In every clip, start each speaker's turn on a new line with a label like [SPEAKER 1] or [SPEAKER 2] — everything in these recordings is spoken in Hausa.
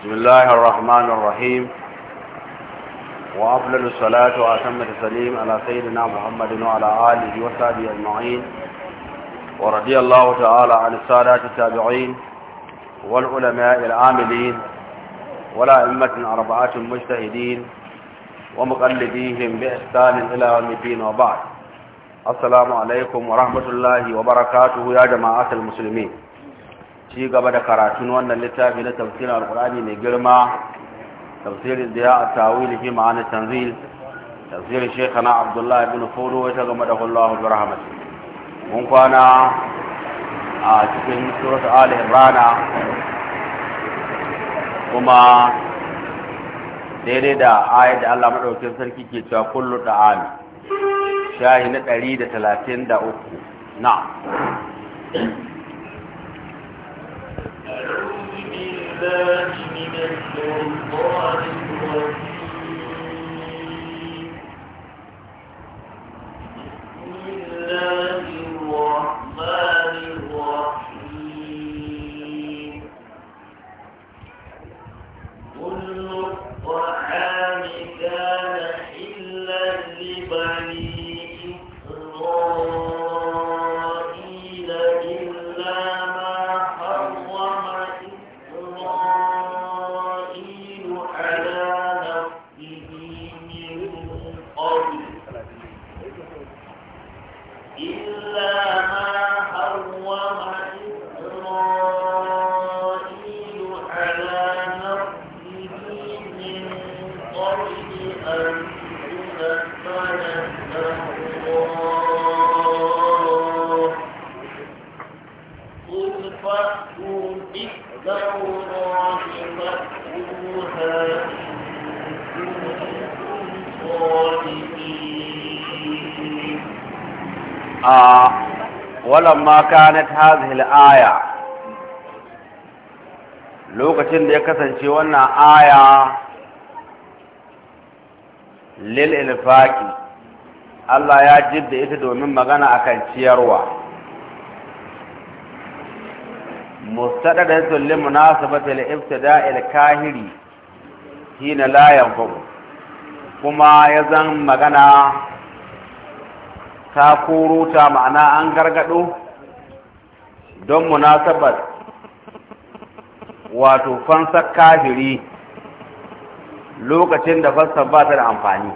[SPEAKER 1] بسم الله الرحمن الرحيم وأفضل الصلاة وأتم التسليم على سيدنا محمد وعلى آله وصحبه أجمعين ورضي الله تعالى عن السادات التابعين والعلماء العاملين والأئمة أربعة مجتهدين ومقلديهم بإحسان إلى يوم الدين وبعد السلام عليكم ورحمة الله وبركاته يا جماعة المسلمين ci gaba da karatun wannan littafi na tafsirin alkurani mai girma tafsirin da ya a tawili fi ma'ana tanzil tafsirin shekana abdullahi bin fudu ta game da hullahu rahmat mun kwana a cikin surat ali rana kuma daidai da ayat da allah maɗaukin sarki ke cewa kullu da'ami shahi na ɗari da talatin da uku na
[SPEAKER 2] أعوذ بالله من الشيطان الرجيم بسم الله
[SPEAKER 3] الرحمن الرحيم كل الطعام كان حلا لبني إسرائيل
[SPEAKER 1] lamma lokacin da ya kasance wannan aya lil ilfaqi Allah ya jidda ita domin magana akan ciyarwa mustadadatul limunasabati al-ibtida'il kahiri hina la yanfu kuma yazan magana ta kuruta ma'ana an gargado don munasabar wato fansar kafiri lokacin da fansar ba ta da amfani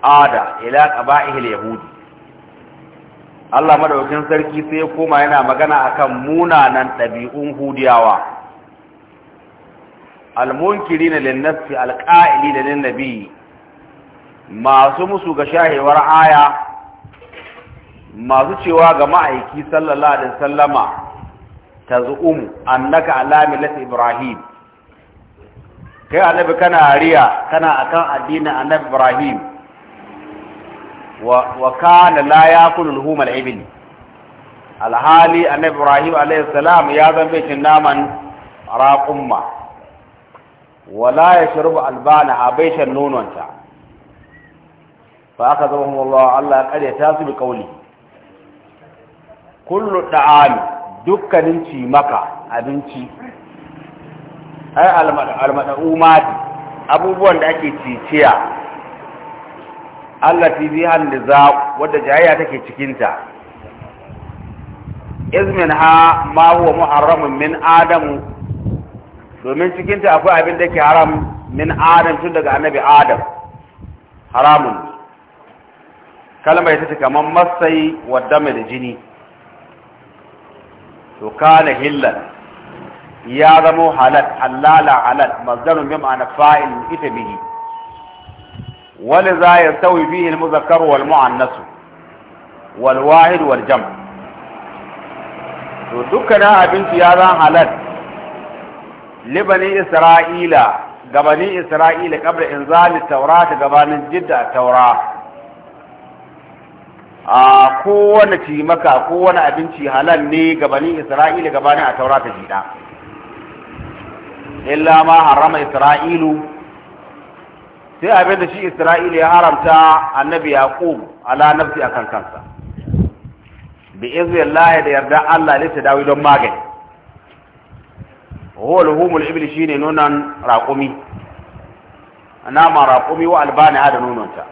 [SPEAKER 1] ada ila qaba'ihil yahudi Allah maɗaukin sarki sai ya koma yana magana akan munanan ɗabi'un hudiyawa almunkiri lin-nafsi alƙa'ili lin-nabi masu musu ga shahewar aya masu cewa ga ma'aiki sallallahu alaihi sallama ta zu'um annaka Alami, Lati, ibrahim kai annabi kana ariya kana akan addinin annabi ibrahim wa wa kana la yakulu al-huma al-ibil alhali annabi ibrahim alaihi salam ya zan bai cin naman raqumma wala yashrubu albana habaitan nononta fa aka zama Allah Allah ya kare ta su bi kauli kullu da'ami dukkanin ci maka abinci ai almada'umati abubuwan da ake ciciya Allah bi hande za wadda jayya take cikinta izmin ha ma huwa muharramun min adam domin cikinta akwai abin da ke haram min adam tun daga annabi adam haramun kalmar ita ce kamar masai wadda da jini to kana hillan ya zamo halal halala halal mazdarun bi ma'ana fa'il ولذا يستوي فيه المذكر والمؤنث والواحد والجمع تو دكنا ابن سيارا حلال لبني اسرائيل غبني اسرائيل قبل انزال التوراه غبان جدا التوراه a kowane cimaka kowane abinci halal ne gabanin isra'ila gabanin a taurata ta illa ma harama isra'ilu sai abin da shi isra'ila ya haramta annabi yaqub ala nafsi akan kansa bi iznillahi da yarda Allah ne ta dawo don magani huwa luhumul ibli shine nonan raqumi nama raqumi wa albani da nunanta.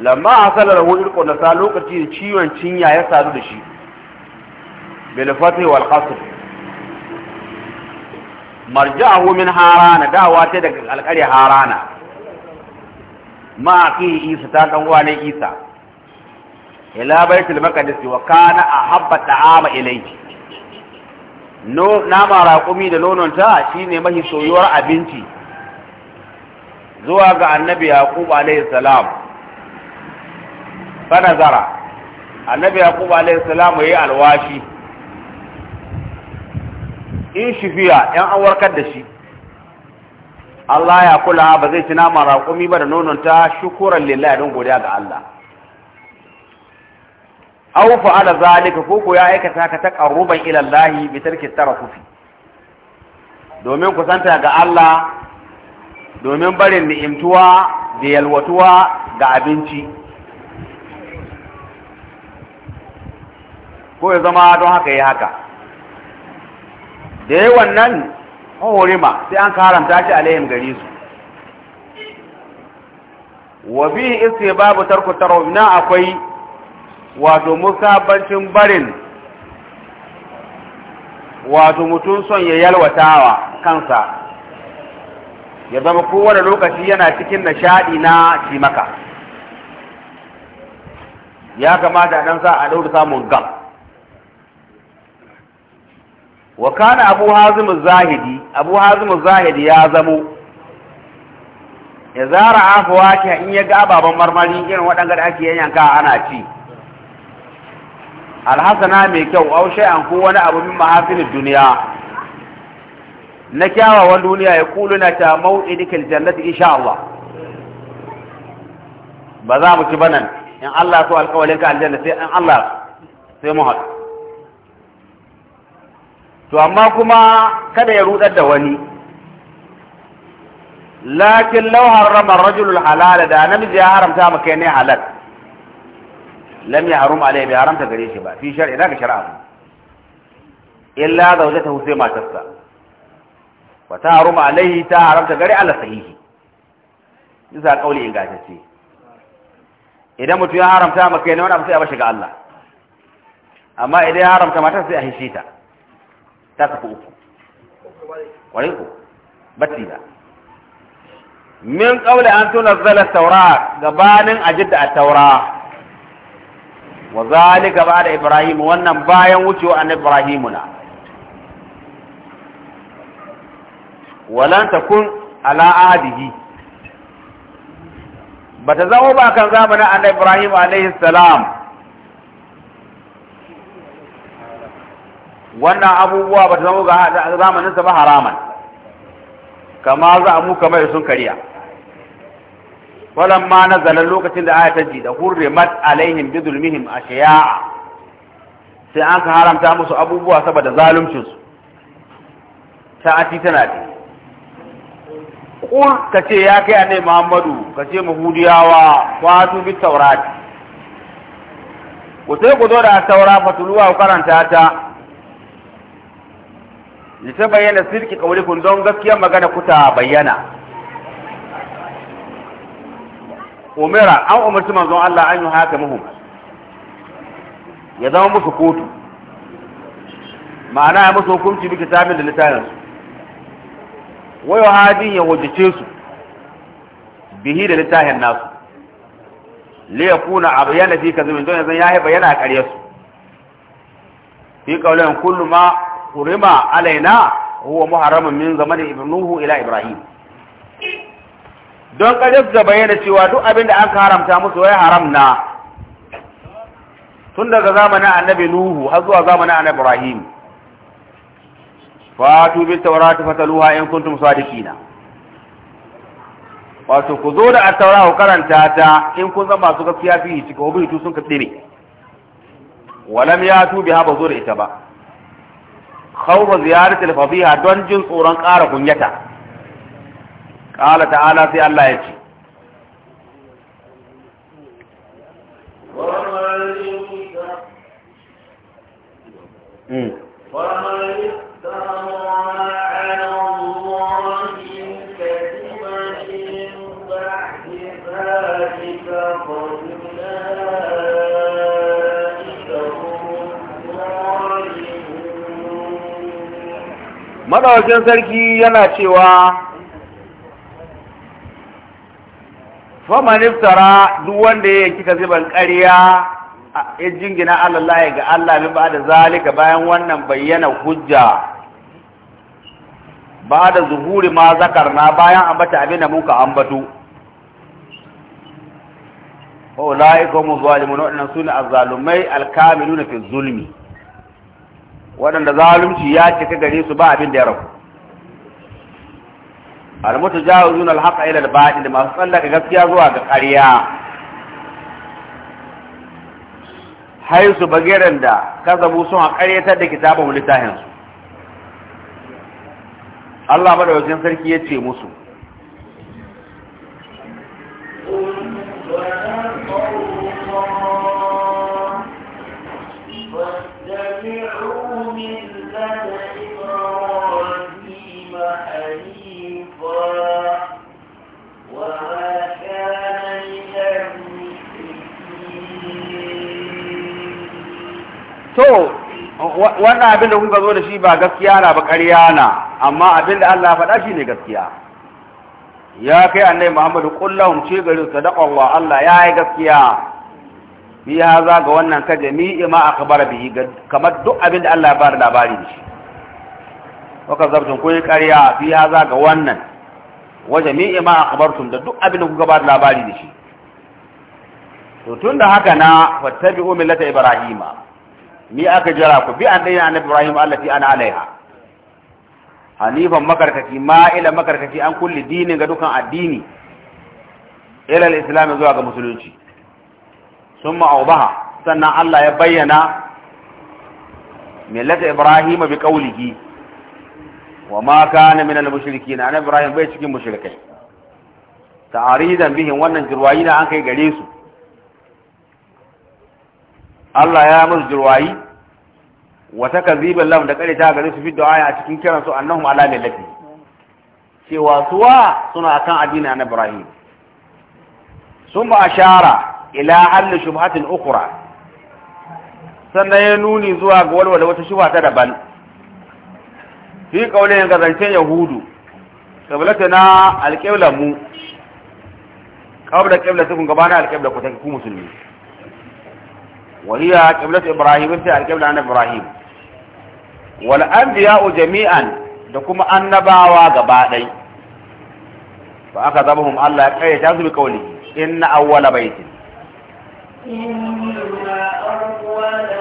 [SPEAKER 1] lamma a sallar rahu irko da lokaci da ciwon cinya ya sadu da shi bilfatai wal qasr marja'ahu min harana dawa ta daga alƙari harana ma isa ta dan uwa isa ila baitul maqdis wa kana ahabba ta'ama ilayhi no mara raƙumi da nononta shine mahi soyuwar abinci zuwa ga annabi yaqub alayhi salam fa annabi yaqub alayhi salam yayi alwashi in shifiya yan an warkar da shi Allah ya kula ba zai ci nama raƙumi ba da nonon ta shukuran lillahi don godiya ga Allah aw ala zalika ko ya aikata ka taqarruban ila Allah bi tarki tarafufi domin kusanta ga Allah domin barin ni'imtuwa da yalwatuwa ga abinci ko ya zama don haka ya haka da yawan nan horima sai an karanta shi layin gari su wa bihi babu tarko na akwai wato musabancin barin wato mutum son ya yalwatawa kansa ya zama kowane lokaci yana cikin nishadi na shi maka ya kamata a sa a daura samun gam wa kana abu hazim zahidi abu hazim zahidi ya zamo ya zara afuwa wake in ya ga ababen marmari irin waɗanda da ake yanka ana ci alhassana mai kyau au shay'an ko wani abu min mahafilin duniya na kyawawan duniya ya kulu na ta mau'idikal jannati insha Allah ba za mu ci banan in Allah so ka aljanna sai in Allah sai mu haɗu to amma kuma kada ya rudar da wani lakin law harrama ar-rajul da namiji ya haramta kai ne halal lam yahrum alai bi haramta gare shi ba fi shar'i daga shar'a illa zawjatahu sai matarsa wa ta haruma alayhi ta haramta gare Allah sahihi bisa kauli ingantacce idan mutum ya haramta kai ne wani abu sai a bashi ga Allah amma idan ya haramta matar sai a hishe ta ta kafa uku kwarai ko batti ba min qawli an tunazzala taura gabanin ajidda a taura wa zalika ba'da ibrahim wannan bayan wucewa annabi ibrahimuna walan takun ala ahdihi bata zama ba kan zamanin annabi Ibrahim alaihi salam wannan abubuwa ba zama ga zamaninsa ba haraman kama za a mu kamar sun kariya ma na zanen lokacin da aya ta ji da mat alaihim bi zulmihim ashiya'a sai an ka haramta musu abubuwa saboda zaluncin su ati tana ce qul kace ya kai annabi Muhammadu kace mahudiyawa fatu bi tawrat ku sai ku zo da taura fatuluwa ku karanta ta li ta bayyana sirki kaulikun don gaskiyar magana ta bayyana umira an umarci manzon Allah an yi haka muhu ya zama musu kotu ma'ana ya musu hukunci bi kitabin da littafin su wayo hadin ya wajice su bihi da littafin nasu li yakuna abyana fi kazmin don yanzu ya bayyana a ƙaryar su fi qawlan kullu ma hurima alaina huwa muharramun min zamanin ibnuhu ila ibrahim don kadis da bayyana cewa duk abin da aka haramta musu wai haram na tun daga zamanin annabi nuhu har zuwa zamanin annabi ibrahim fatu bil tawrati fataluha in kuntum sadiqina wato ku zo da at-taura ku karanta ta in kun zama masu gaskiya fi cikin hubutu sun katsire walam yatu biha bazo da ita ba khawfa ziyarati al don jin tsoron ƙara kunyata qala ta'ala sai Allah ya ce hmm. madawacin sarki yana cewa fama niftara duk wanda ya kika kaziban ƙarya ya jingina Allah ga Allah min ba da zalika bayan wannan bayyana hujja ba da zuhuri ma zakarna bayan ambata abin da muka ambato ko hum zalimun wa inna az-zalumai al-kamiluna fi zulmi waɗanda zalunci ya cika gare su ba abin da ya rabu almutu jawazun alhaqa ila albatil masu tsallaka gaskiya zuwa ga ƙarya hay su bagiran da kazabu sun ƙaryatar da kitabun littafin su Allah madaukakin sarki ya ce musu to wannan abin da kuka zo da shi ba gaskiya na ba ƙarya na amma abin da Allah faɗa shi ne gaskiya ya kai annai Muhammadu kullahum ce gari sadaqallah Allah ya yi gaskiya bi za ga wannan ka jami'i ma akhbara bihi kamar duk abin da Allah ya bada labari da shi waka zabtun kun yi ƙarya bi za ga wannan wa jami'i ma akhbartum da duk abin da kuka bada labari da shi to tun da haka na fattabi'u millata ibrahima ni aka jira ku bi an daina annabi Ibrahim allati ana alaiha hanifan makarkaci ma'ila makarkaci an kulli dinin ga dukan addini ila al-islam zuwa ga musulunci summa awdaha sannan Allah ya bayyana millata Ibrahim bi qawlihi wa ma kana min al-mushrikeen annabi Ibrahim bai cikin mushrikai ta'aridan bihin wannan jirwayi da an kai gare su Allah ya musu jirwayi Wata takziban lam da kare ta gare su fi du'a a cikin kiran su annahum ala millati cewa suwa suna akan addini na Ibrahim ba ashara ila hal shubhatin ukhra sannan ya nuni zuwa ga walwala wata shubha ta daban fi kaulin ga yahudu na alƙibla mu qabla qibla gabana alƙibla ku take ku musulmi وهي قبلة إبراهيم ابتدى القبلة عن إبراهيم والأنبياء جميعا دكما أنباوا غبادي فأخذبهم الله أي تنزل بقوله إن أول بيت
[SPEAKER 3] إن أول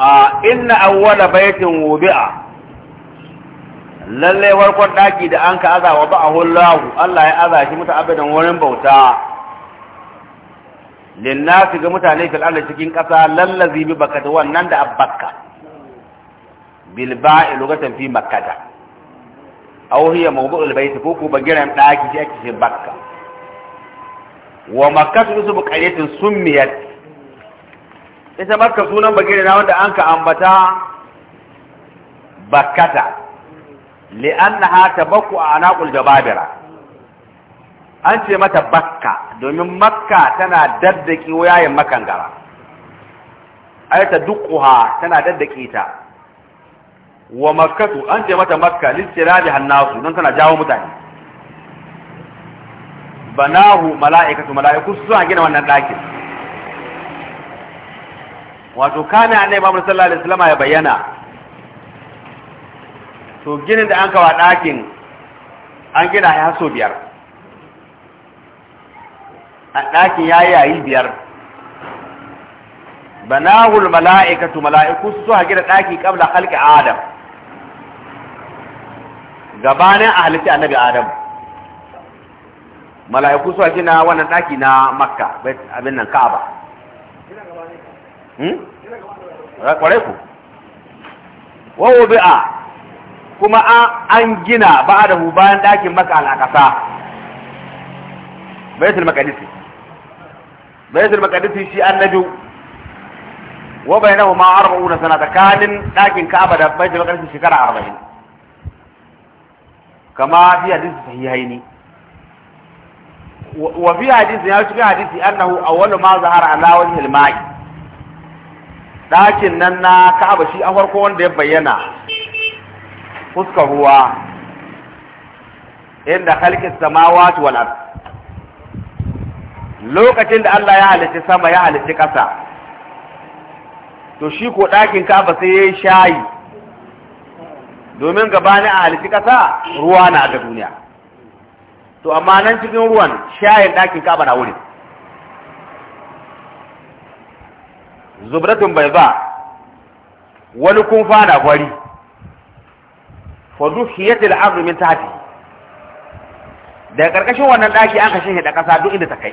[SPEAKER 1] a inna awwala baitin wubi'a lalle warkon daki da an ka aza wa ba'ahu Allah Allah ya aza shi muta abadan wurin bauta linnasi ga mutane fil ardi cikin kasa lallazi bi bakata wannan da abbaka bil ba'i lugatan fi makkata aw hiya mawdu'ul bait ko ko bagiran daki shi ake shi bakka wa makkatu su buqayatin summiyat ita makka sunan bagire na wanda an ka ambata bakata bakkata a tabakku anaqul jababira an ce mata bakka domin makka tana daddaki wayayen makangara ta duquha tana daddaki ta wa makkatu an ce mata makka listirabi hannasu nan tana jawo mutane banahu mala'ikatu mala'ikatu suna gina wannan ɗakin wato kana ba mun sallallahu alaihi wasallam ya bayyana to ginin da an kawa ɗakin an gina ya so biyar a ɗakin ya yi yayi biyar banahul mala'ikatu mala'iku su ha gina daki kabla khalqi adam gabanin a annabi adam mala'iku su gina wannan daki na makka abin nan ka'aba Hmm? ku wawo bi'a kuma an gina ba da mu bayan ɗakin maka al'akasa baitul makadisi baitul makadisi shi an naju wa bainahu ma arba'una sana tsakanin ɗakin ka'aba da baitul makadisi shekara arba'in kama fi hadisi sahihaini wa fi hadisi ya shiga hadisi annahu awwalu ma zahara ala wajhi al-ma'i ɗakin nan na ka'aba shi an farko wanda ya bayyana fuskar ruwa inda halkin samawati wal ard lokacin da Allah ya halicci sama ya halicci ƙasa to shi ko ɗakin ka'aba sai ya yi shayi domin gabani a halicci ƙasa ruwa na ga duniya to amma nan cikin ruwan shayin ɗakin ka'aba na wuri. zubratun bai ba wani kun fada fari fadu hiyatul ardu min tahti da karkashin wannan daki an kashe shi da kasa duk inda ta kai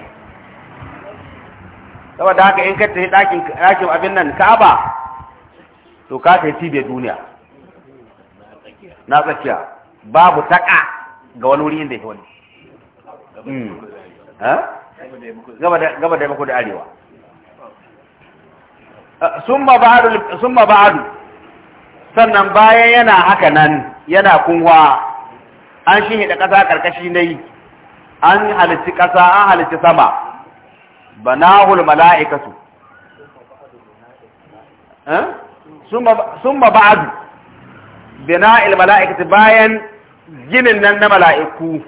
[SPEAKER 1] saboda haka in ka tafi dakin dakin abin nan Ka'aba to ka ci cibiyar duniya na tsakiya babu taka ga wani wuri inda yake wani hmm. gaba da gaba da arewa summa ba'adu sannan bayan yana haka nan yana kunwa an shi da ƙasa ƙarƙashi ne an halitti ƙasa an halitti sama banahul mala'ikatu eh? summa ba'adu bina'il mala'ikatu bayan ginin nan na mala'iku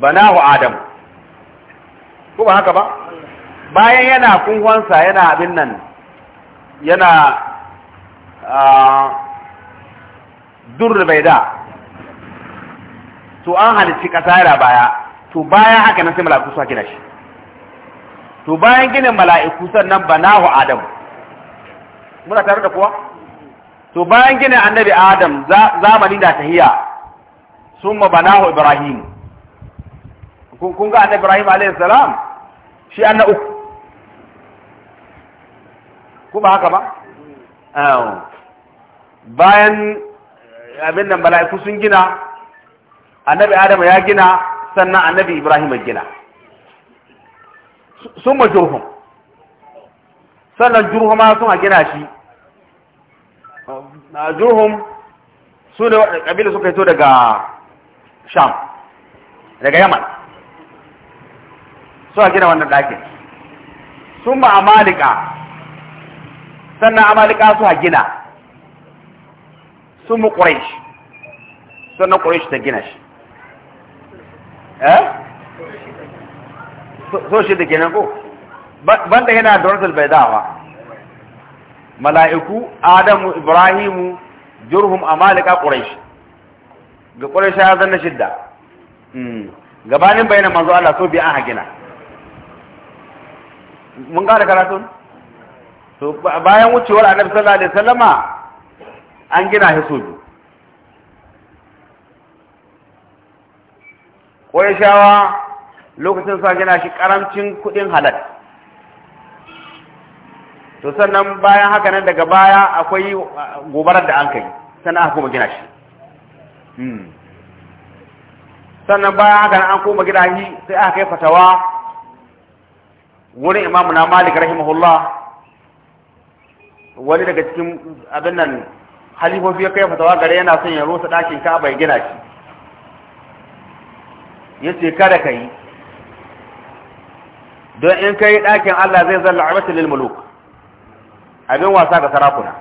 [SPEAKER 1] banahu adam ko ba haka ba bayan yana kunwansa yana abin nan yana durr da to an halicci yana baya to bayan haka nan sai mala'iku suka gina shi to bayan ginin mala'iku sannan banahu adam muna tare da kuwa to bayan ginin annabi adam zamani da tahiya summa banahu ibrahim kun ga annabi ibrahim alayhi salam shi anna uku ko ba haka ba bayan abin nan mala'iku sun gina annabi adam ya gina sannan annabi ibrahim ya gina sun ma jurhum sannan jurhum ma sun gina shi jurhum su ne kabila suka hito daga sham daga yaman suna gina wannan ɗakin sun ma Malika. sannan amalika su gina su mu quraish sannan quraish ta gina shi eh so shi da gina ko banda yana da rasul bai dawa mala'iku adamu ibrahimu Jirhum amalika quraish ga quraish ya zanna shidda hmm. gabanin bayanan manzo Allah so bi an hagina mun ga da karatun to bayan wucewar annabi sallallahu alaihi wasallama an gina shi so biyu shawa lokacin sa gina shi karamcin kudin halal to sannan bayan haka nan daga baya akwai ah, gobarar da an kai sannan aka kuma gina shi hmm. sannan bayan haka nan an koma gina shi sai aka kai fatawa wurin imamu na malik rahimahullah wani daga cikin abin nan halifofi ya kai fatawa gare yana son ya rusa ɗakin ka bai gina shi ya ce kada ka yi don in ka yi ɗakin Allah zai zalla a lil lilmuluk abin wasa ga sarakuna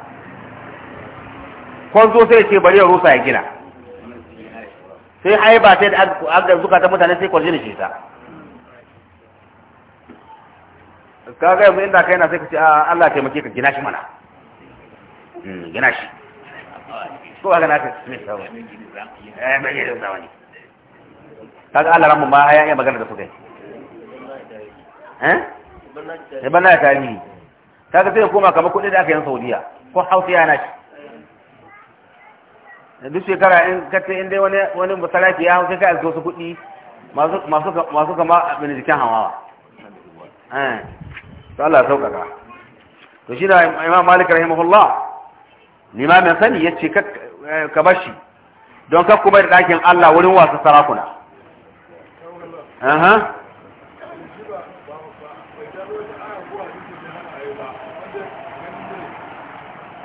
[SPEAKER 1] kwanzo sai ce bari ya rusa ya gina sai ba sai da aga zuka ta mutane sai kwarjini shi ta kaga yanzu inda kai na sai ka ce Allah taimake ka gina shi mana Mm, yana shi ko ba gana ka mai sawa eh
[SPEAKER 2] bai yi da wani kaga Allah ramu ma
[SPEAKER 1] ya yi magana da su kai
[SPEAKER 2] eh sai eh, bana
[SPEAKER 1] ta ni kaga sai koma kamar kudi da aka yi Saudiya ko Hausa yana shi duk shekara in kace in dai wani wani musaraki ya hausa kai su kuɗi masu masu masu kama abin jikin hawawa eh to Allah ya sauƙaƙa to shi da Imam Malik rahimahullah limamin sani ya ce ka bashi don ka bai da ɗakin Allah wurin wasu sarakuna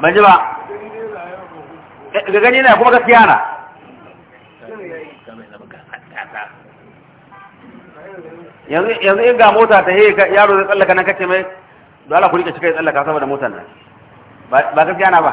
[SPEAKER 1] ban ba
[SPEAKER 2] eh, ga gani na kuma gaskiya na yanzu
[SPEAKER 1] in ga mota ta yi yaro zai tsallaka nan kake mai dole kuri ka cika yi tsallaka saboda motar nan ba gaskiya na ba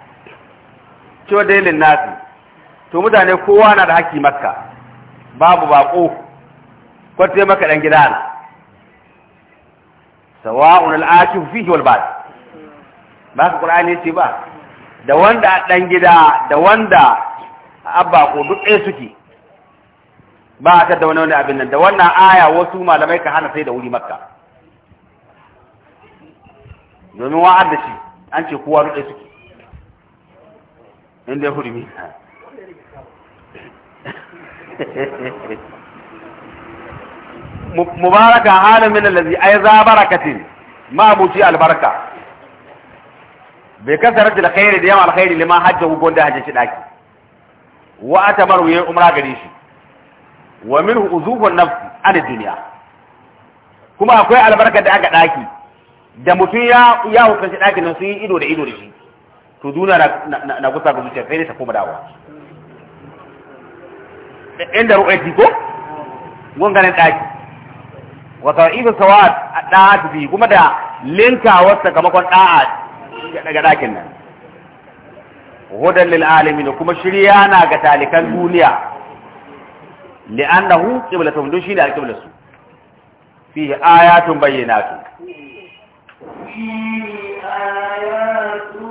[SPEAKER 1] cewa dailin nasi to mutane kowa na da haƙƙi makka babu baƙo kwatai maka ɗan gida na sawa'un al'akif fihi wal ba ba ka ne ce ba da wanda ɗan gida da wanda abba ko duk ɗaya suke ba a da wani wani abin nan da wannan aya wasu malamai ka hana sai da wuri makka domin wa'ad da shi an ce kowa duk ɗaya suke inda ya hurumi mubaraka halin min allazi ay za barakatin ma buci albarka bai kasarar da alkhairi da yawan alkhairi liman hajja hukun da hajji daki wa atamaru yayin umra gare shi wa min minhu uzufun nafsi an duniya kuma akwai albarka da aka daki da mutum ya ya hukunci daki na su yi ido da ido da shi to duniya na na gusa ga zuciya sai dai ta koma dawowa inda ru'ayati ko gunganin daki wa ta'ibu sawat da'at bi kuma da linkawar sakamakon da'a daga dakin nan hudan lil alamin kuma shirya na ga talikan duniya li'annahu qiblatuhum dun shine al-qiblatu fihi ayatun bayyinatun
[SPEAKER 3] fihi ayatun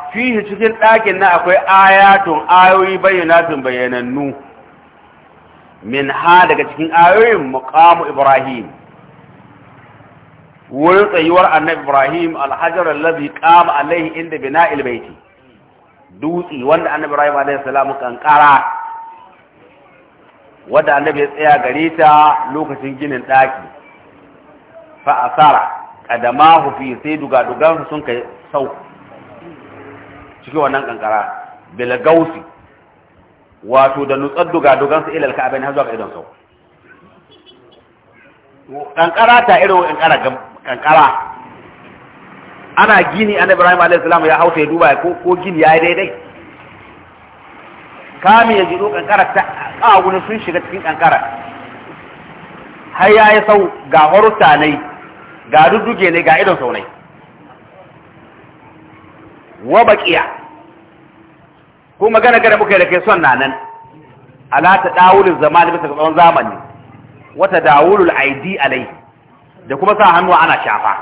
[SPEAKER 1] fihi cikin ɗakin na akwai ayatun ayoyi bayyanatun bayyanannu min ha daga cikin ayoyin muqamu ibrahim wurin tsayuwar annabi ibrahim alhajar allazi qama alaihi inda bina'il baiti dutsi wanda annabi ibrahim alaihi salam kankara wanda annabi ya tsaya gare ta lokacin ginin ɗaki fa asara kadamahu fi sai duga dugan sun kai sauka cikin wannan kankara bil gausi wato da nutsar duga dugan su ilal ka'aba ne zuwa ga idon sau kankara ta irin kankara kankara ana gini an Ibrahim alayhi salam ya hausa ya duba ko ko gini yi daidai kami ya jiro kankara ta kawo sun shiga cikin kankara har yi sau ga horta ne ga dudduge ne ga idon sau ne wa baqiya ko magana gada muke da kai son na nan ala ta dawulul zamani bisa tsawon zamani wata dawulul aidi alai da kuma sa hannu ana shafa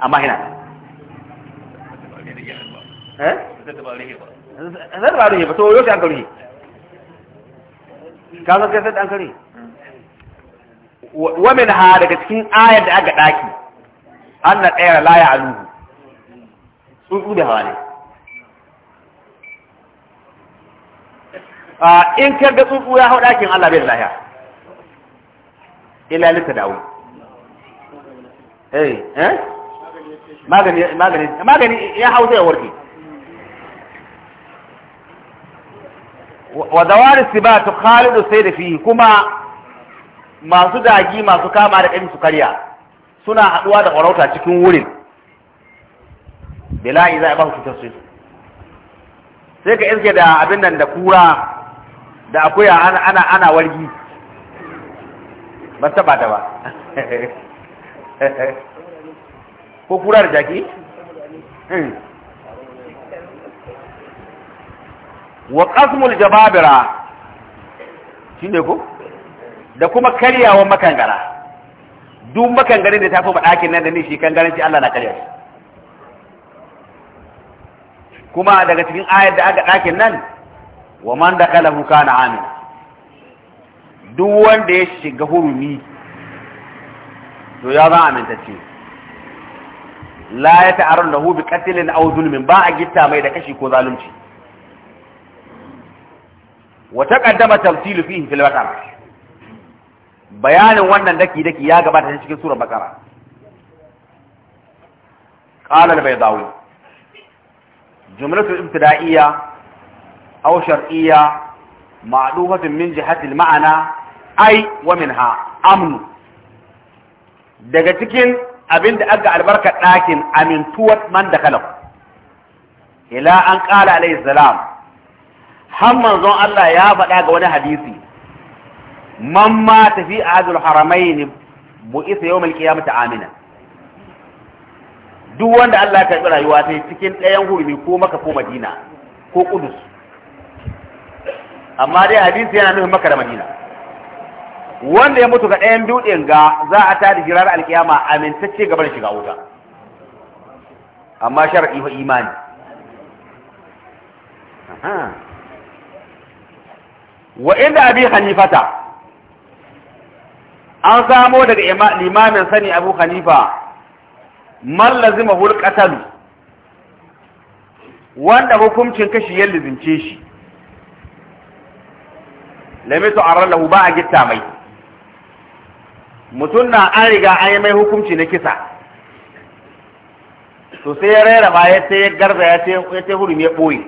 [SPEAKER 1] amma hina eh
[SPEAKER 2] zata ba rihi ba
[SPEAKER 1] to yau sai an ka zo kai sai an karuhi wa min ha daga cikin ayar da aka daki anna tsayar la ya tsuntsu da hawa ne ah, in ka ga tsuntsu ya hau ɗakin Allah bai lahiya ila lika dawo eh eh magani magani magani ya hau zai warke wa dawari siba to khalidu sai da fi kuma masu daji masu kama da ƙarfi su karya suna haɗuwa da ƙwarauta cikin wurin bila'i za a ba ku cutar su sai ka iske da abin nan da kura da akuya ana wargi ban taba da ba ko kura da jaki hmm. wa qasmul jababira shi ne ko da kuma karyawan makangara duk makangarin da ta fi ɗakin nan da ni shi shi Allah na karyar. shi kuma daga cikin ayar da aka ɗakin nan wa man da kalahu na amin duk wanda ya shiga hurumi to ya zan amintacce la ya ta'arun lahu bi qatlin aw zulmin ba a gitta mai da kashi ko zalunci wa taqaddama tafsilu fihi fil bayanin wannan daki daki ya gabata cikin surar baqara qala al-baydawi jumlatul ibtida'iyya aw shar'iyya ma'lufatun min jihati al-ma'ana ai wa minha amnu daga cikin abinda aka albarkar dakin amintuwat man da kalam ila an qala alayhi salam har manzon Allah ya faɗa ga wani hadisi man ma tafi ahadul haramain bu'isa yawm al-qiyamati amina duk wanda Allah ya karɓi rayuwa sai cikin ɗayan hurumi ko maka ko madina ko kudus amma dai hadisi yana nufin maka da madina wanda ya mutu ga ɗayan dutsen ga za a ta da jirar alkiyama amintacce gaban shiga wuta amma shar'i fa imani wa inda abi hanifata an samo daga limamin sani abu hanifa man lazima hul qatalu wanda hukuncin kashi ya lizince shi lamitu arallahu ba a gitta mai mutum na an riga an yi mai hukunci na kisa to sai ya rera ba ya sai ya garza ya sai ya sai ya boye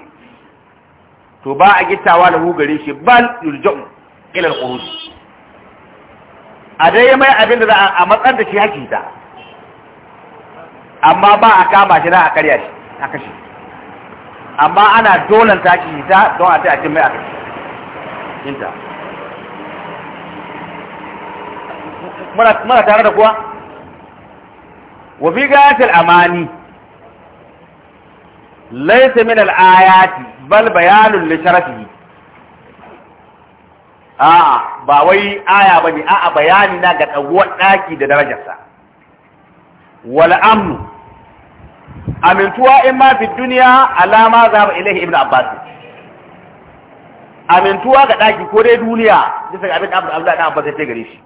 [SPEAKER 1] to ba a gittawa da gare shi bal yurja'u ila al-qurud a dai mai abin da za a matsar da shi hakita amma ba a kama shi na a karya shi a kashe amma ana dolan tashi ta don a ta a cin mai a kashe inta muna tare da kuwa wa fi gayatul amani laysa min al ayati bal bayanun li sharafihi a ba wai aya ba ne. a bayani na ga tsawon daki da darajarsa wal amnu amintuwa in ma fi duniya alama za mu ilahi ibn abbas amintuwa ga daki ko dai duniya bisa ga abin da abdullahi dan abbas ya gare shi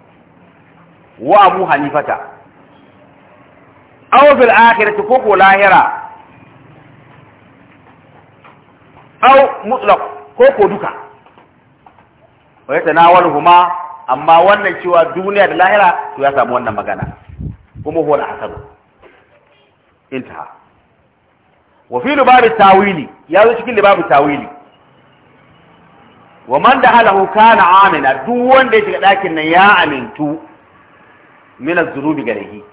[SPEAKER 1] wa abu hanifata aw fil akhirati ko ko lahira aw mutlaq ko ko duka wa huma amma wannan cewa duniya da lahira to ya samu wannan magana kuma huwa al-asab intaha wa fi libabi tawili ya zo cikin libabu tawili wa man da halahu kana amina duk wanda ya shiga ɗakin nan ya amintu min az-zunubi garehi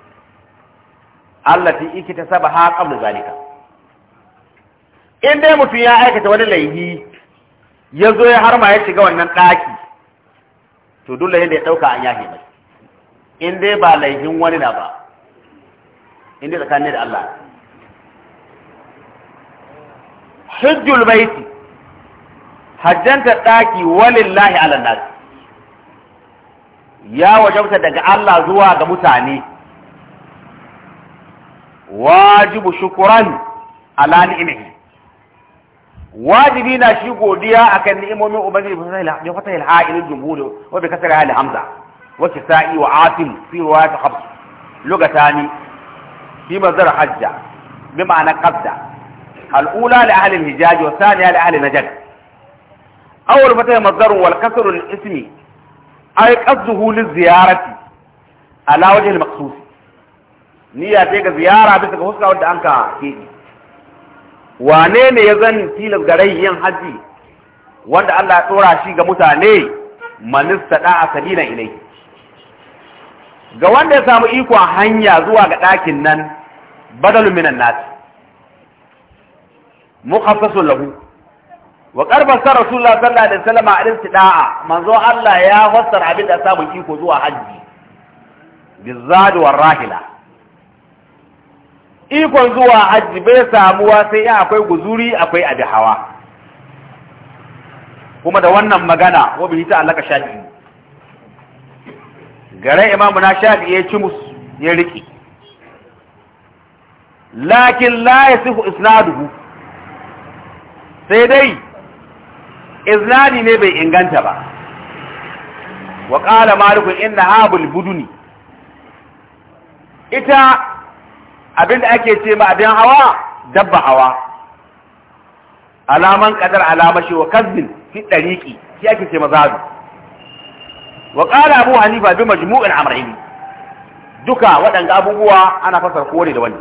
[SPEAKER 1] allati ikita sabaha qabla zalika in dai mutum ya aikata wani laihi ya zo ya harma ya shiga wannan ɗaki to dole ne da ya ɗauka an yahe mai in dai ba laihin wani na ba in dai tsakanin da Allah hujjul baiti hajjanta daki walillahi ala nas ya wajabta daga Allah zuwa ga mutane wajibu shukran ala ni'mihi wajibi na shi godiya akan ni'imomin ubangiji bi fatahil ha'il jumhur wa bi kasra al hamza wa kisa'i wa atim fi riwayat khabs lugatani fi mazar hajja bima'ana qabda al'ula li ahli hijaz wa sani ala ahli najd awwal mata mazdar wal kasr al ismi ay qadduhu li ziyarati ala wajh al maqsuud niya ta ga ziyara bisa ga huska wadda anka wane ne ya zan tilas garayyan hajji wanda Allah ya tsora shi ga mutane manista da asadina ilai ga wanda ya samu iko a hanya zuwa ga dakin nan badalu minan nati mukhassasun lahu wa qarbasa rasulullah sallallahu alaihi wasallam al-istida'a manzo Allah ya fassar abin da samun iko zuwa haji bizad war rahila ikon zuwa haji bai samuwa sai in akwai guzuri akwai abi hawa kuma da wannan magana wa bi ta allaka shafi gare imamu na shafi ya ci musu ya rike. lakin la yasihu isnaduhu sai dai iznani ne bai inganta ba wa ƙala malikun inna habul buduni ita abinda ake ce ma abin hawa dabba hawa alaman kadar shi wa kazbin fi ɗariƙi shi ake ce mazazu wa ƙala abu hanifa bi majmu'in amrayni duka waɗanda abubuwa ana fasar kore da wani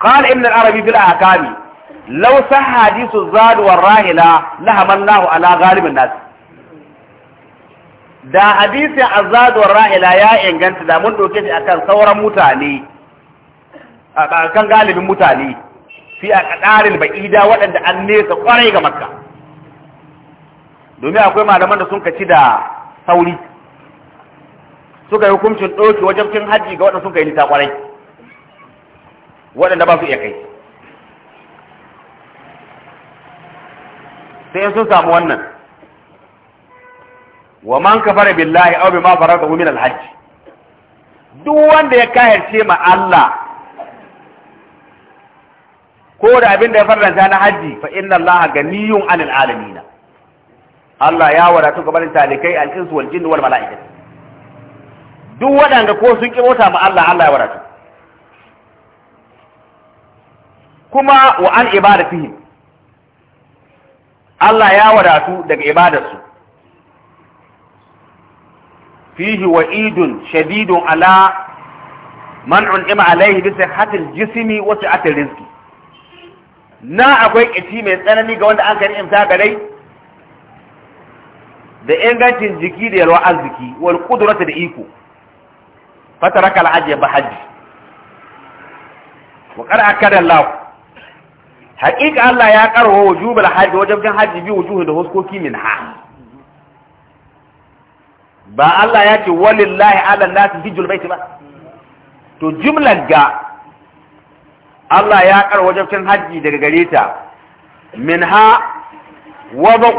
[SPEAKER 1] قال ابن العربي في الأحكام لو صح hadisu الزاد والراهله rahila la hamalnahu ala ghalibin nas da hadisin azadu war rahila ya inganta da mun doke shi akan sauran mutane akan galibin mutane fi a kadarin ba'ida waɗanda an nesa kwarai ga makka domin akwai malaman da sun kaci da sauri suka yi hukuncin ɗauki wajen cin hajji ga waɗanda sun kai nisa kwarai waɗanda ba su iya kai sai sun samu wannan wa man kafara billahi aw bima faradahu min al-hajj duk wanda ya kayarce ma Allah ko da abin da ya faranta na haji fa inna Allah ganiyun 'anil alamin Allah ya wadatu barin talikai al-insu wal jinni wal mala'ikati duk waɗanda ko sun kibota ma Allah Allah ya wadatu kuma wa an ibadatihim Allah ya wadatu daga ibadarsu fihi wa'idun shadidun ala man un'ima alaihi bi sihhatil jismi wa sa'atil rizqi na akwai kici mai tsanani ga wanda an in imta garai da ingancin jiki da yalwa arziki wal qudrati da iko fataraka al hajj ba hajji wa qara akada Allah haƙiƙa Allah ya ƙarwa wujubul hajji wajibin hajji biyu wujuhu da huskoki min ha ba Allah ya ce walillahi ala nasi hijjul baiti ba to jumlar ga Allah ya ƙarwa wajibin hajji daga gare ta min ha wadu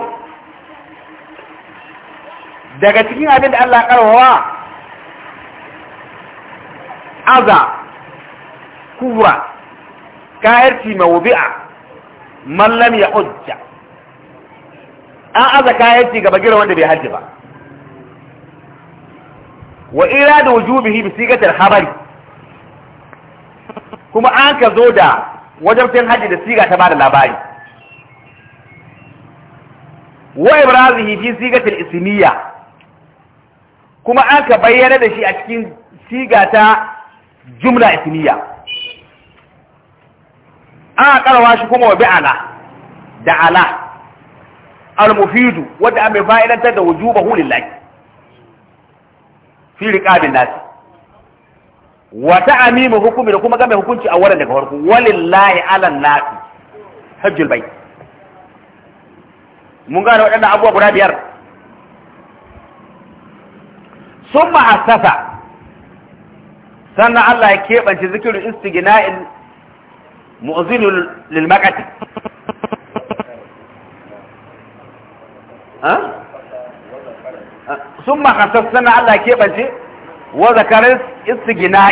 [SPEAKER 1] daga cikin abin da Allah ƙarwa aza kubra kayarci mawubi'a mallam ya hujja an aza kayan ci gaba gira wanda bai hajji ba wa ira da wujubihi bi sigatar habari kuma an ka zo da wajabcin hajji da siga ta bada labari wa ibrazihi fi sigatil ismiya kuma an ka bayyana da shi a cikin siga ta jumla ismiya an karwa shi kuma wa bi'ala da ala al-mufidu wanda an bai fa'idantar da wujubahu lillahi fi riqabin nas wa ta'mimu hukumi da kuma game hukunci a wurin daga farko walillahi ala nas hajjul bait mun gane waɗannan abubuwa guda biyar sun ma'asasa sannan Allah ya keɓance zikirin istigina'in mu'zinu lil maqati ha summa khassasna Allah ke bace wa zakaris istighna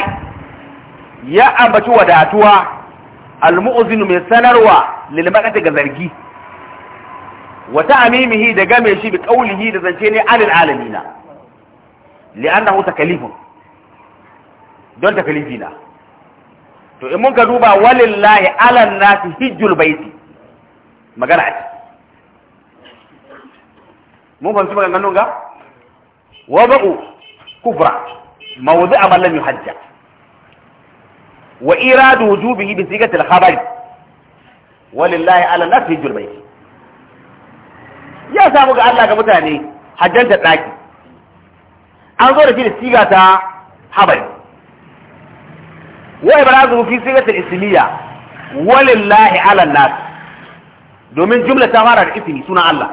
[SPEAKER 1] ya ambaci wadatuwa al mu'zinu mai sanarwa lil ga zargi wata ta'mimihi da game shi bi qawlihi da zance ne alil alamina li'annahu takalifun don takalifina to in mun ka duba walillahi alan nasi hijjul baiti magana ce mun fahimci maganganun ga wada'u kufra mawdu'a man lam yuhajja wa iradu wujubihi bi sigatil khabari walillahi alan nasi hijjul baiti ya samu ga Allah ga mutane hajjanta daki an zo da shi da siga ta habari wa ibrazu fi sigatil ismiya walillahi ala nas domin jumla ta fara da ismi suna Allah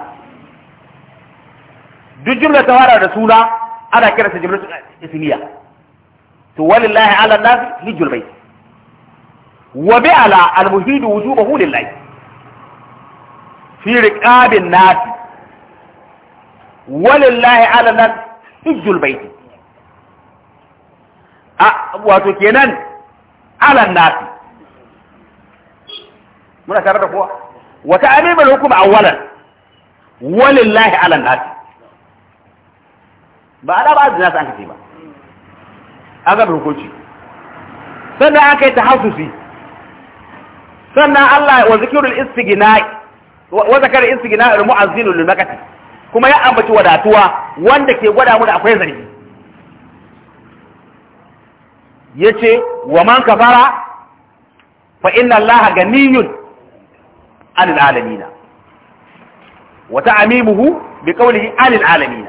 [SPEAKER 1] duk jumla ta fara da suna ana kira ta jumla ismiya to walillahi ala nas lijul bait wa bi ala al muhidu wujubahu lillahi fi riqabin nas walillahi ala nas lijul bait a wato kenan alan na nasi muna tare da kowa wata a wa ta'mim al-hukm awwalan walillahi alan na fi, ba ala ba zina an kace ba azab hukunci sannan an kai ta tahassusi sannan Allah wa zikrul istighna'i wa zakara istighna'i al makati kuma ya ambaci wadatuwa wanda ke gwada mu da akwai zargi Ya ce wa man kafara fa inna allaha ganiyun anil alamina wa ta'mimuhu bi qawlihi anil alamin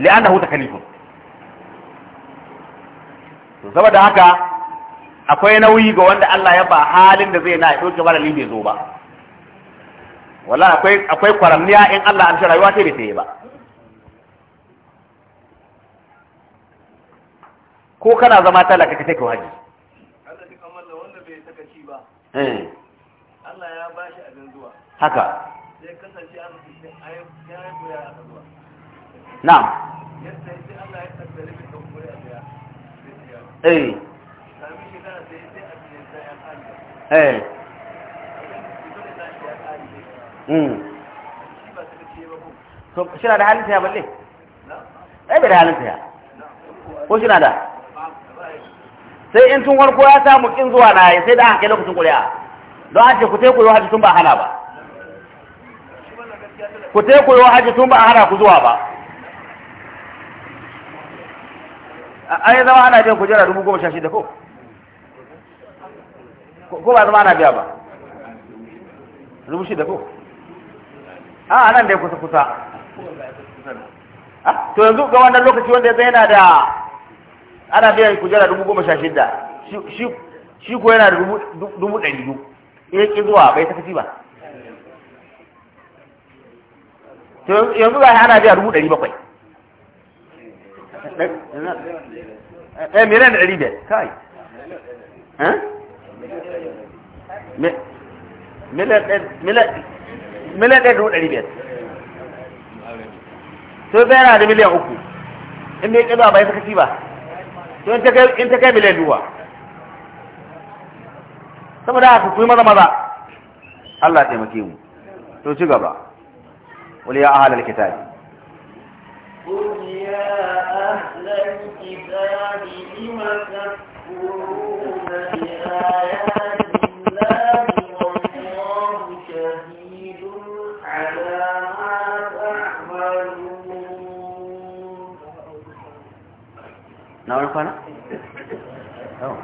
[SPEAKER 1] li'annahu takalifun to saboda haka akwai nauyi ga wanda Allah ya ba halin da zai na ya dauke mara bai zo ba wallahi akwai akwai kwaramniya in Allah an shi rayuwa sai bai sai ba ko kana zama talaka ka take waje
[SPEAKER 4] eh. Allah ya bashi abin zuwa haka sai kasance an ya
[SPEAKER 1] yi a zuwa na'am yadda sai Allah ya kaddare da kuma ya biya eh sami shi kana sai sai a cikin sai ya kare eh mm shi ba ta ce ba eh, ko shi na da halin ta balle
[SPEAKER 2] eh bai da halin ta ko shi na da
[SPEAKER 1] sai in tun warko ya samu kin zuwa na ya sai da aka kai lokacin kuri'a don an ce ku teku yau haji tun ba hana ba
[SPEAKER 2] ku teku yau haji
[SPEAKER 1] tun ba hana ku zuwa ba
[SPEAKER 2] an yi zama ana biyan
[SPEAKER 1] kujera dubu goma sha shida ko ko ba zama ana biya ba dubu shida ko
[SPEAKER 2] a nan dai kusa kusa to yanzu ga wannan
[SPEAKER 1] lokaci wanda ya zai yana da ana biyan kujera dubu goma sha shida shi ko yana da dubu ɗari biyu ya ƙi zuwa bai ta ba to yanzu za ana biya dubu ɗari bakwai
[SPEAKER 2] eh, eh miliyan da ɗari
[SPEAKER 1] biyar kai eh? miliyan ɗaya dubu ɗari biyar to yana da miliyan uku in bai ƙi zuwa bai ta ba to in ta kai miliyan duwa saboda haka ku yi maza maza Allah taimake mu to ci gaba wani ya ahlal kitab
[SPEAKER 3] قل يا أهل الكتاب لم تكفرون
[SPEAKER 4] بآيات الله
[SPEAKER 3] na wani fana?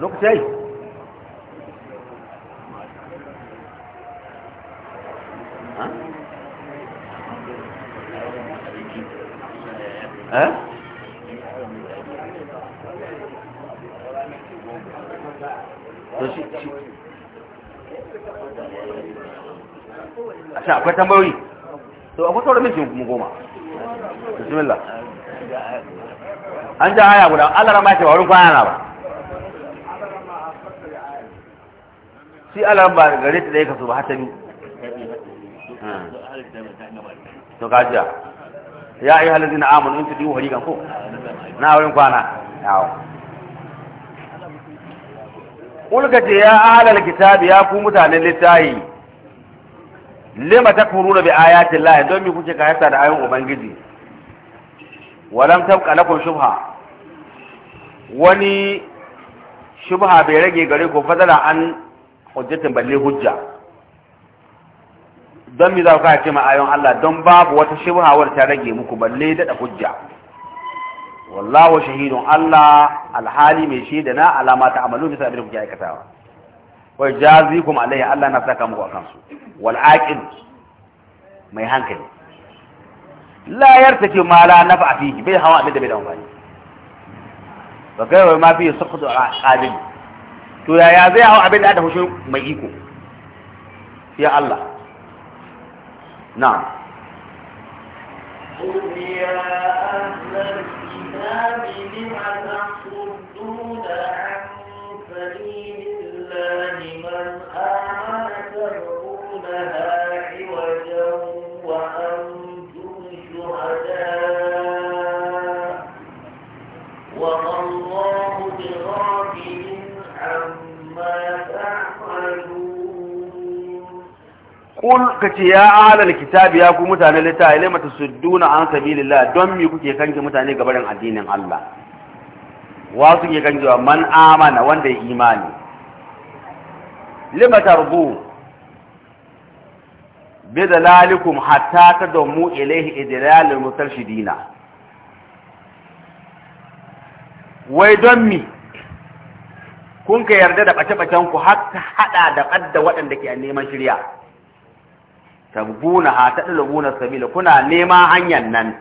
[SPEAKER 2] lokaci ya yi a akwai tambayoyi
[SPEAKER 1] to akwai sauran mijin goma
[SPEAKER 2] bismillah an ja aya guda Allah rama ce ba wurin kwana na ba
[SPEAKER 1] shi Allah ba gare ta da ka so ba hatami to kajiya ya ayi halin na amanu in tudiyu kan ko na wurin kwana yawo ulga ce ya ahlal kitabi ya ku mutanen littahi lima takfuruna bi ayati llahi don me kuke kayata da ayoyin ubangiji walam tabqa lakum shubha wani shubha bai rage gare ku fadala an hujjatin balle hujja don mi za ku ce ma ayon Allah don babu wata shubha war ta rage muku balle da hujja wallahu shahidun Allah alhali mai shaida na alama ta amalu bisa abin da kuke aikatawa wa jazikum alaihi Allah na saka muku akan su wal aqil mai hankali la yartaki ma la nafa fihi bai hawa abin da bai da amfani ba kai wai ma fi suqtu qabil to yaya zai hawa abin da da hushin mai iko ya Allah na'am
[SPEAKER 3] قل يا أهل الكتاب لم تصدون عن سبيل الله من آمن تبغونها
[SPEAKER 1] kul kace ya alal kitabi ya ku mutane lita ilai mata sudduna an sabilillah don mi kuke kanke mutane ga barin addinin Allah wa ke kanke wa man amana wanda ya imani lima tarbu bi dalalikum hatta tadmu ilaihi idlalul mutarshidina wai don mi kun ka yarda da bace-bacen ku har ta hada da kadda waɗanda ke neman shirya tabbuna ha ta dalbuna sabila kuna nema hanyar nan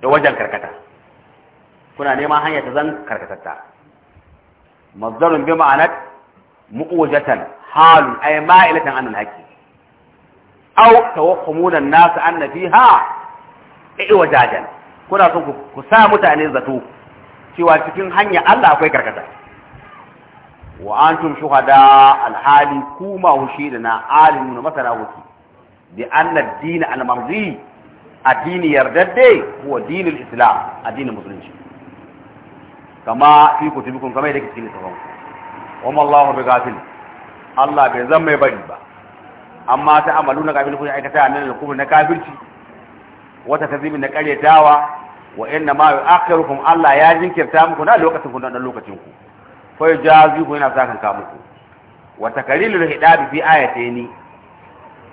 [SPEAKER 1] da wajen karkata kuna nema hanyar ta zan karkatatta mazdarun bi ma'anat mu'ujatan halun ay ma'ilatan anil haqi aw tawahhumuna an-nas anna fiha wajajan. kuna so ku sa mutane zato cewa cikin hanya Allah akwai karkata wa antum shuhada alhali kuma hushida na alimun masana wuki bi anna ad-din al-mardi addini yardadde huwa dinul islam addinin musulunci kama fi kutubikum kama yadda cikin littafin wa ma Allah bi ghafil Allah bai zan mai bari ba amma ta amalu na ku ya aikata nan da kuma na kafirci wata tazimi na karyatawa wa inna ma yu'akhirukum Allah ya jinkirta muku na lokacin ku na lokacin ku fa yajazihu yana sakan ka muku wa takrilul hidabi fi ayataini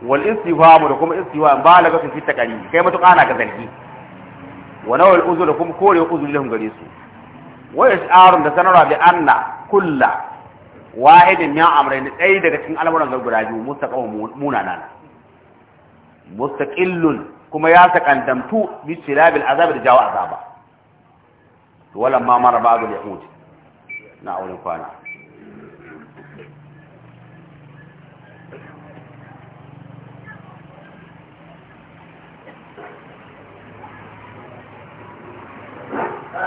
[SPEAKER 1] wal istifhamu da kuma istifham balaga fi takalili kai matuƙa na ka zargi wa nawal uzur da kuma kore uzur lahum gare su wa yash'arun da sanarwa bi anna kulla wahidin min amrayn dai daga cikin al'amuran guda biyu mustaqamu munana mustaqillun kuma ya takantamtu bi silabil azab da jawo azaba to ma mara ba'd al-yahudi na auren kwana ah,
[SPEAKER 2] a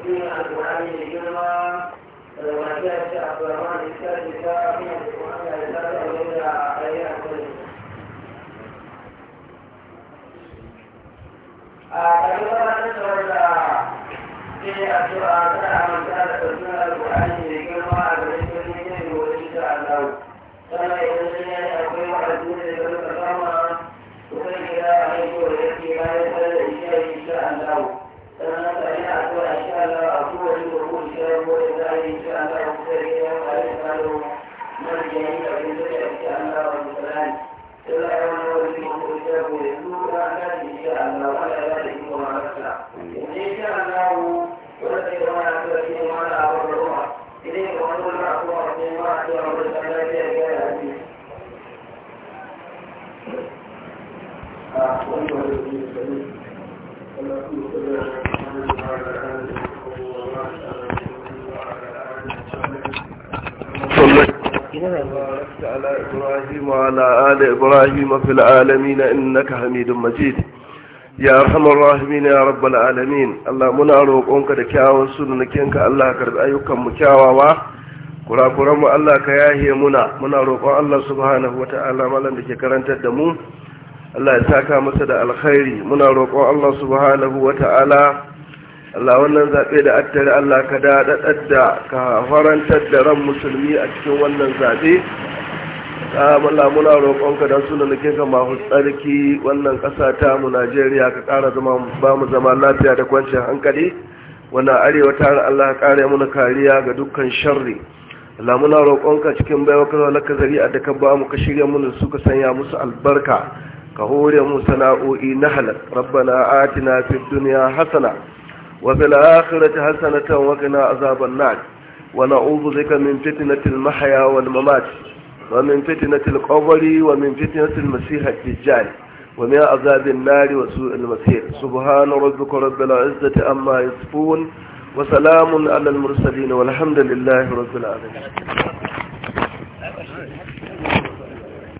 [SPEAKER 3] ƙarfi wani da sai addu'a ta amanta da ɗaukin alƙur'ani mai girma a garin yi yake da a a da da ya ya ala da
[SPEAKER 4] باركت على إبراهيم وعلى آل إبراهيم في العالمين إنك حميد مجيد يا أرحم الراحمين يا Allah karbi ayyukan muna muna roƙon Allah subhanahu wataala malam da ke karantar da mu Allah ya saka masa da alkhairi muna roƙon Allah subhanahu wata'ala Allah wannan zaɓe da attare Allah ka daɗaɗar da ka farantar da ran musulmi a cikin wannan zaɓe Allah muna roƙonka don suna ke ka mahu tsarki wannan ƙasa ta mu Najeriya ka ƙara zama ba mu zama lafiya da kwanciyar hankali wannan arewa tare Allah ƙara muna kariya ga dukkan sharri Allah muna roƙonka cikin baiwa ka zalaka zari'a da ka ba mu ka shirya mu su ka sanya musu albarka قهور كهوري مسناء نهلا ربنا آتنا في الدنيا حسنة وفي الآخرة حسنة وقنا عذاب النار ونعوذ بك من فتنة المحيا والممات ومن فتنة القبر ومن فتنة المسيح الدجال ومن عذاب النار وسوء المسير سبحان ربك رب العزة أما يصفون وسلام على المرسلين والحمد لله رب العالمين